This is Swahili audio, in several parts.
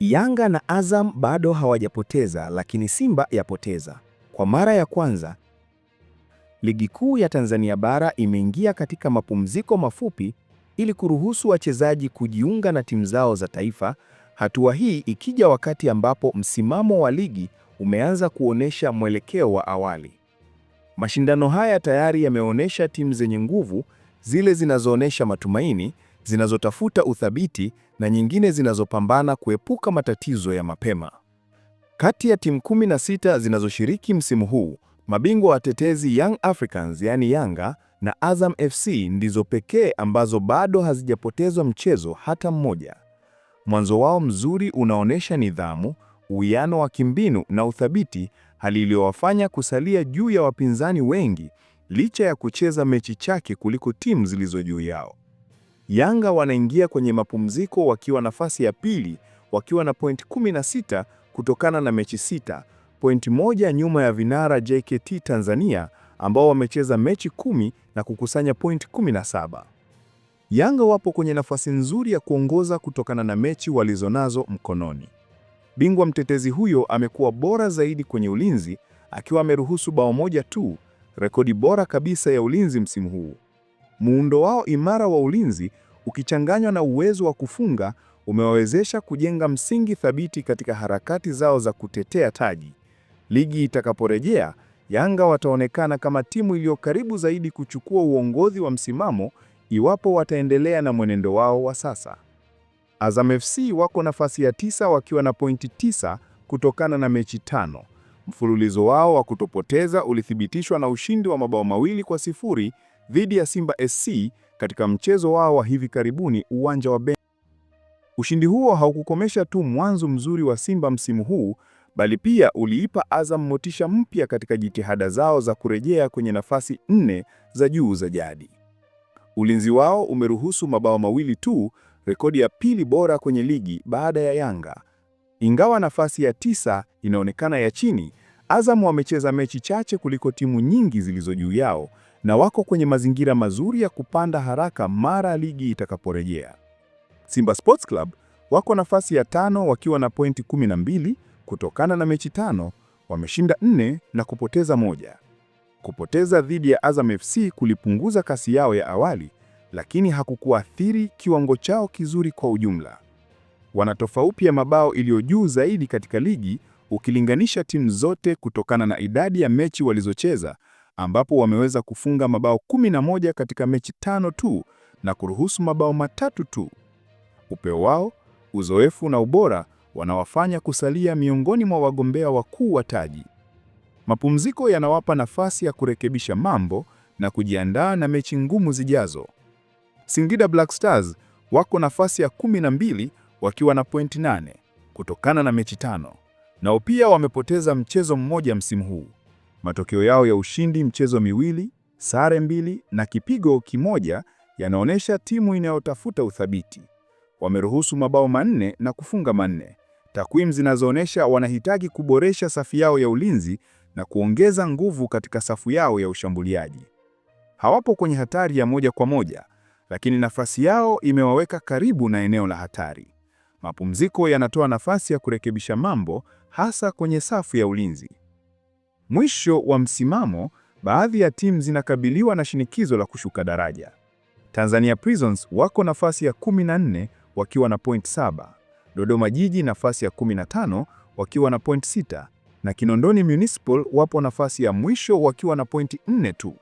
Yanga na Azam bado hawajapoteza, lakini Simba yapoteza. Kwa mara ya kwanza, Ligi Kuu ya Tanzania Bara imeingia katika mapumziko mafupi ili kuruhusu wachezaji kujiunga na timu zao za taifa, hatua hii ikija wakati ambapo msimamo wa ligi umeanza kuonesha mwelekeo wa awali. Mashindano haya tayari yameonesha timu zenye nguvu, zile zinazoonesha matumaini zinazotafuta uthabiti na nyingine zinazopambana kuepuka matatizo ya mapema. Kati ya timu 16 zinazoshiriki msimu huu, mabingwa watetezi Young Africans yani Yanga na Azam FC ndizo pekee ambazo bado hazijapotezwa mchezo hata mmoja. Mwanzo wao mzuri unaonyesha nidhamu, uwiano wa kimbinu na uthabiti, hali iliyowafanya kusalia juu ya wapinzani wengi licha ya kucheza mechi chache kuliko timu zilizo juu yao. Yanga wanaingia kwenye mapumziko wakiwa nafasi ya pili wakiwa na point 16 kutokana na mechi sita, point moja nyuma ya vinara JKT Tanzania ambao wamecheza mechi kumi na kukusanya pointi 17. Yanga wapo kwenye nafasi nzuri ya kuongoza kutokana na mechi walizonazo mkononi. Bingwa mtetezi huyo amekuwa bora zaidi kwenye ulinzi akiwa ameruhusu bao moja tu, rekodi bora kabisa ya ulinzi msimu huu. Muundo wao imara wa ulinzi ukichanganywa na uwezo wa kufunga umewawezesha kujenga msingi thabiti katika harakati zao za kutetea taji. Ligi itakaporejea, Yanga wataonekana kama timu iliyo karibu zaidi kuchukua uongozi wa msimamo iwapo wataendelea na mwenendo wao wa sasa. Azam FC wako nafasi ya tisa wakiwa na pointi tisa kutokana na mechi tano. Mfululizo wao wa kutopoteza ulithibitishwa na ushindi wa mabao mawili kwa sifuri dhidi ya Simba SC katika mchezo wao wa hivi karibuni uwanja wa Ben. Ushindi huo haukukomesha tu mwanzo mzuri wa Simba msimu huu, bali pia uliipa Azam motisha mpya katika jitihada zao za kurejea kwenye nafasi nne za juu za jadi. Ulinzi wao umeruhusu mabao mawili tu, rekodi ya pili bora kwenye ligi baada ya Yanga. Ingawa nafasi ya tisa inaonekana ya chini, Azam wamecheza mechi chache kuliko timu nyingi zilizo juu yao na wako kwenye mazingira mazuri ya kupanda haraka mara ligi itakaporejea. Simba Sports Club wako nafasi ya tano wakiwa na pointi 12 kutokana na mechi tano, wameshinda nne na kupoteza moja. Kupoteza dhidi ya Azam FC kulipunguza kasi yao ya awali, lakini hakukuathiri kiwango chao kizuri kwa ujumla. Wana tofauti ya mabao iliyo juu zaidi katika ligi ukilinganisha timu zote kutokana na idadi ya mechi walizocheza ambapo wameweza kufunga mabao 11 katika mechi tano tu na kuruhusu mabao matatu tu. Upeo wao, uzoefu na ubora wanawafanya kusalia miongoni mwa wagombea wakuu wa taji. Mapumziko yanawapa nafasi ya kurekebisha mambo na kujiandaa na mechi ngumu zijazo. Singida Black Stars wako nafasi ya 12 wakiwa na pointi 8 kutokana na mechi tano. Nao pia wamepoteza mchezo mmoja msimu huu. Matokeo yao ya ushindi mchezo miwili, sare mbili na kipigo kimoja yanaonyesha timu inayotafuta uthabiti. Wameruhusu mabao manne na kufunga manne, takwimu zinazoonyesha wanahitaji kuboresha safu yao ya ulinzi na kuongeza nguvu katika safu yao ya ushambuliaji. Hawapo kwenye hatari ya moja kwa moja, lakini nafasi yao imewaweka karibu na eneo la hatari. Mapumziko yanatoa nafasi ya kurekebisha mambo, hasa kwenye safu ya ulinzi. Mwisho wa msimamo, baadhi ya timu zinakabiliwa na shinikizo la kushuka daraja. Tanzania Prisons wako nafasi ya 14 wakiwa na point saba, Dodoma Jiji nafasi ya 15 wakiwa na point sita, na Kinondoni Municipal wapo nafasi ya mwisho wakiwa na point 4 tu.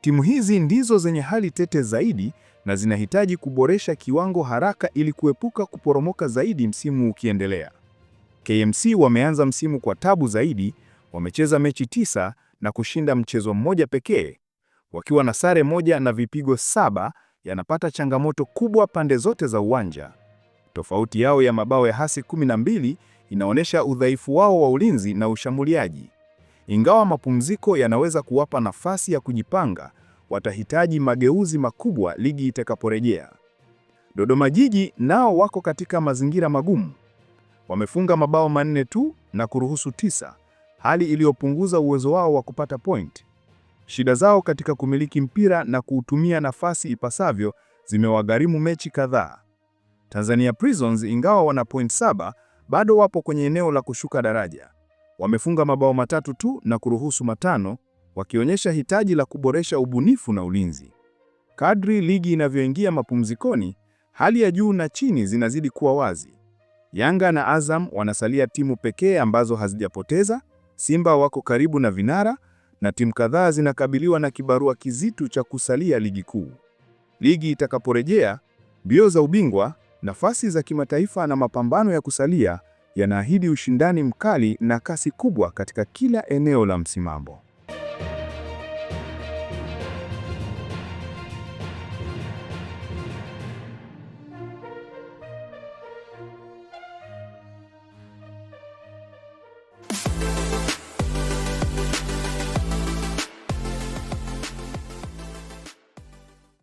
Timu hizi ndizo zenye hali tete zaidi na zinahitaji kuboresha kiwango haraka ili kuepuka kuporomoka zaidi msimu ukiendelea. KMC wameanza msimu kwa tabu zaidi Wamecheza mechi tisa na kushinda mchezo mmoja pekee. Wakiwa na sare moja na vipigo saba, yanapata changamoto kubwa pande zote za uwanja. Tofauti yao ya mabao ya hasi 12 inaonyesha udhaifu wao wa ulinzi na ushambuliaji. Ingawa mapumziko yanaweza kuwapa nafasi ya kujipanga, watahitaji mageuzi makubwa ligi itakaporejea. Dodoma Jiji nao wako katika mazingira magumu. Wamefunga mabao manne tu na kuruhusu tisa, hali iliyopunguza uwezo wao wa kupata point. Shida zao katika kumiliki mpira na kuutumia nafasi ipasavyo zimewagharimu mechi kadhaa. Tanzania Prisons ingawa wana point saba, bado wapo kwenye eneo la kushuka daraja. Wamefunga mabao matatu tu na kuruhusu matano, wakionyesha hitaji la kuboresha ubunifu na ulinzi. Kadri ligi inavyoingia mapumzikoni, hali ya juu na chini zinazidi kuwa wazi. Yanga na Azam wanasalia timu pekee ambazo hazijapoteza Simba wako karibu na vinara na timu kadhaa zinakabiliwa na kibarua kizito cha kusalia ligi kuu. Ligi itakaporejea, mbio za ubingwa, nafasi za kimataifa na mapambano ya kusalia yanaahidi ushindani mkali na kasi kubwa katika kila eneo la msimamo.